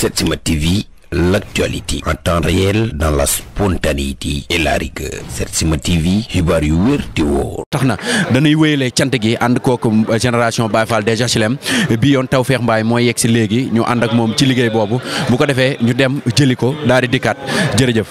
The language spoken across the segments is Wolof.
Setsima TV l'actualité en temps réel dans la spontanéité et la rigueur Setsima TV xibaar yu wér te wóor tax na dañuy wéyalee cant gi ànd kooku génération Baye Fall des HLM bi yoon taw Tawfekh Mbaye mooy yegg si léegi ñu ànd ak moom ci liggéey boobu bu ko defee ñu dem jëli ko daal di dikkaat jërëjëf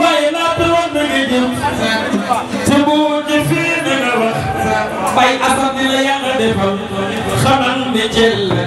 waaye laata woon na nga jëm te boo jëfee na nga wax bay asam dina yàlla defal xamal ne jël la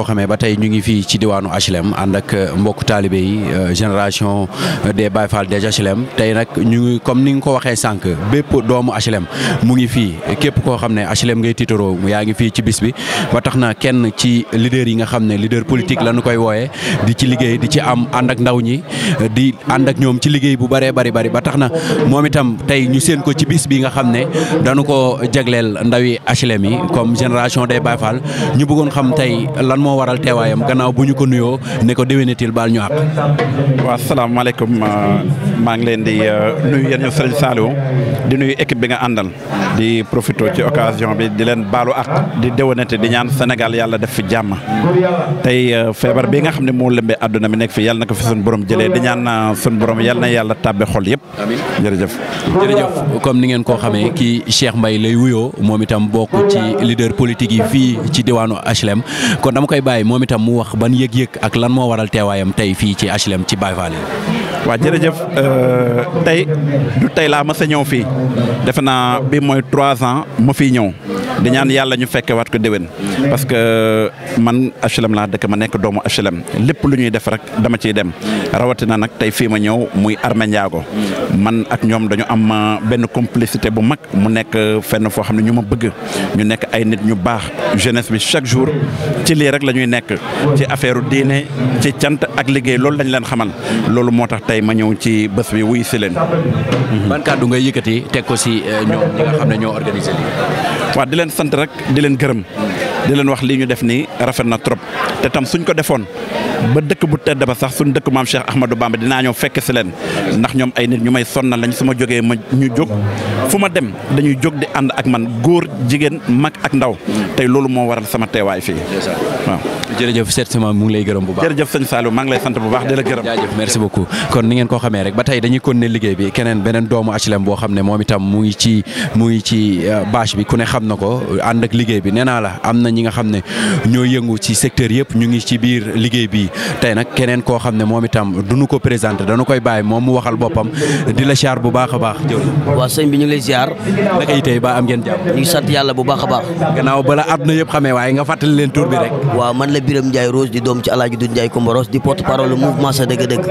koo xamee ba tey ñu ngi fii ci diwaanu HLM ànd ak euh, mbokk taalibe yi euh, génération euh, des Baye Fall des HLM tey nag ñu ngi comme ni nga ko waxee sànq bépp doomu HLM mu ngi fii képp koo xam ne HLM ngay tiitaroo yaa ngi fii ci bis bi ba tax na kenn ci leader yi nga xam ne leader politique la ñu koy wooyee di ci liggéey di ci am ànd ak ndaw ñi di ànd ak ñoom ci liggéey bu bëree bari bari ba tax na moom itam tey ñu seen ko ci bis bi nga xam ne dañu ko jegleel ndawi HLM yi comme génération des Baye Fall ñu bëggoon moo waral teewaayam gannaaw bu ñu ko nuyoo ne ko déwénatil baal ñu àq. waaw salaamaaleykum euh, maa ngi leen di euh, nuyu yéen ñëpp di nuy équipe bi nga àndal di profité ci occasion bi di leen baalu ak di déwénate di ñaan Sénégal yàlla def fi jàmm tey euh, feebar bi nga xam ne moo lembe àdduna bi nekk fi yàlla na ko fi suñu borom jëlee di ñaan suñu borom yàlla na yàlla tàbbi xol yëpp. amiin comme ni ngeen koo xamee kii Cheikh mbay lay wuyoo moom itam bokk ci leader politique yi fii ci diwaanu koy moom itam mu wax ban yëg-yëg ak lan moo waral teewaayam tey fii ci HLM ci Baye waa waaw jërëjëf euh, tey du tey laa ma sa ñëw fii defe naa bi mooy trois ans ma fiy ñëw di ñaan yàlla ñu fekke waat ko déwén parce que euh, man HLM laa dëkk ma nekk doomu HLM lépp lu ñuy def rek dama ciy dem rawatina nag tey fii ma ñëw muy Armé Ndiago man ak ñoom dañu am euh, benn complicité bu mag mu nekk euh, fenn foo xam ne ñu ma bëgg ñu nekk ay nit ñu baax jeunesse bi chaque jour ci lii rek la ñuy nekk ci affaire diine ci cant ak liggéey loolu lañ leen xamal loolu moo tax tey ma ñëw ci bës bi wuy si leen. ban kàddu ngay teg ko si ñoom ñi nga xam ne ñoo waa di leen sant rek di leen gërëm di leen wax lii ñu def nii rafet na trop te tam suñ ko defoon ba dëkk bu tedd ba sax suñ dëkk maam Cheikh Ahmadou Bamba dinaa ñëw fekk si leen ndax ñoom ay nit ñu may sonnal lañ su ma jógee ma ñu jóg fu ma dem dañuy jóg di ànd ak man góor jigéen mag ak ndaw tey loolu moo waral sama teewaay fii waaw jërëjëf seet sama mu ngi lay gërëm bu baax jërëjëf sëñ Saliou maa ngi lay sant bu baax di la gërëm jaajëf merci beaucoup kon ni ngeen ko xamee rek ba tey dañuy continuer liggéey bi keneen beneen doomu HLM boo xam ne moom itam mu ngi ci mu ci euh, bâche bi ku ne xam na ko ànd ak liggéey bi nee naa la am na ñi nga xam ne ñoo yëngu ci secteur yëpp ñu ngi ci biir liggéey bi tey nag keneen koo xam ne moom itam duñu ko présenté dañu koy bàyyi moom mu waxal boppam di la char bu baax a baax jël lay ziar. naka yi tey ba am ngeen jàmm. ñu ngi sant yàlla bu baax a baax. gannaaw bala àdduna yëpp xamee waaye nga fàttali leen tur bi rek. waaw man la Birame Ndiaye Rose di doom ci El Hadj Doudou Ndiaye Rose di porte parole mouvement sa dëgg-dëgg.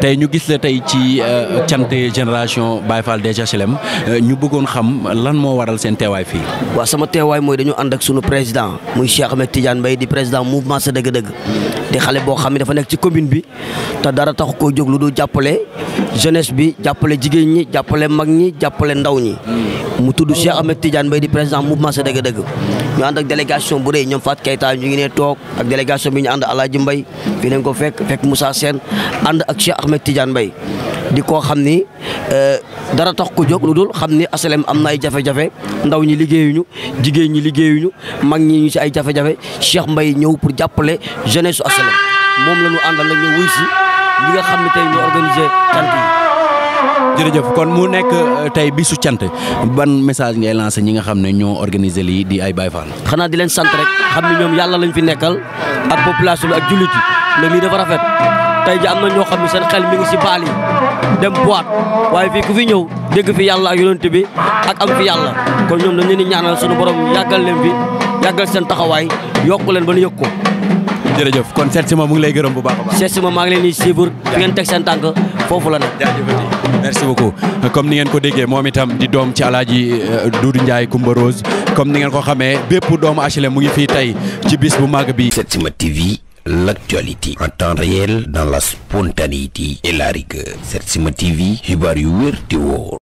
tey ñu gis la tey ci euh, cant génération Baye Fall des HLM euh, ñu bëggoon xam lan moo waral seen teewaay fii. waaw sama teewaay mooy dañu ànd ak sunu président muy Cheikh Ahmed Tidiane Mbaye di président mouvement sa dëgg-dëgg di xale boo xam jeunesse bi jàppale jigéen ñi jàppale mag ñi jàppale ndaw ñi mu tudd Cheikh Ahmed Tidiane Mbaye di président mouvement sa dëgg dëgg ñu ànd ak délégation bu rëy ñoom Fatou Keita ñu ngi ne toog ak délégation bi ñu ànd Alaaji Mbaye fii leen ko fekk fekk Moussa Sène ànd ak Cheikh Ahmed Tidiane Mbaye di koo xam ni euh, dara tax ku jóg lu dul xam ni asalem am na ay jafe-jafe ndaw ñi liggéeyuñu jigéen ñi liggéeyuñu mag ñi ñu si ay jafe-jafe Cheikh Mbaye ñëw pour jàppale jeunesse su moom la ñu àndal la ñu wuy si ñi nga xam ne tey ñu jërëjëf kon mu nekk euh, tey bisu cant ban message ngay lancé ñi nga xam ne ñoo organisé lii di ay Baye Fall. xanaa di leen sant rek xam ne ñoom yàlla lañu fi nekkal ak population bi ak jullit yi lii dafa rafet tey ji am na ñoo xam ne seen xel mi ngi si baal yi dem boîte waaye fii ku fi ñëw dégg fi yàlla ak yonent bi ak am fi yàlla kon ñoom dañu leen di ñaanal sunu borom yàggal leen bi yàggal seen taxawaay yokk leen ba ñu yëg ko. jërëjëf kon seet ma mu ngi lay gërëm bu baax a baax. seet si ma maa leen di siibur fi ngeen teg seen tànk foofu la nag. jaajëfati merci beaucoup comme ni ngeen ko déggee moom itam di doom ci alaaji euh, Doudou Ndiaye Coumba Rose comme ni ngeen ko xamee bépp doom HLM mu ngi fii tey ci bis bu màgg bi. Setsima TV l'actualité en temps réel dans la spontanéité et la rigueur Setsima TV xibaar yu wér te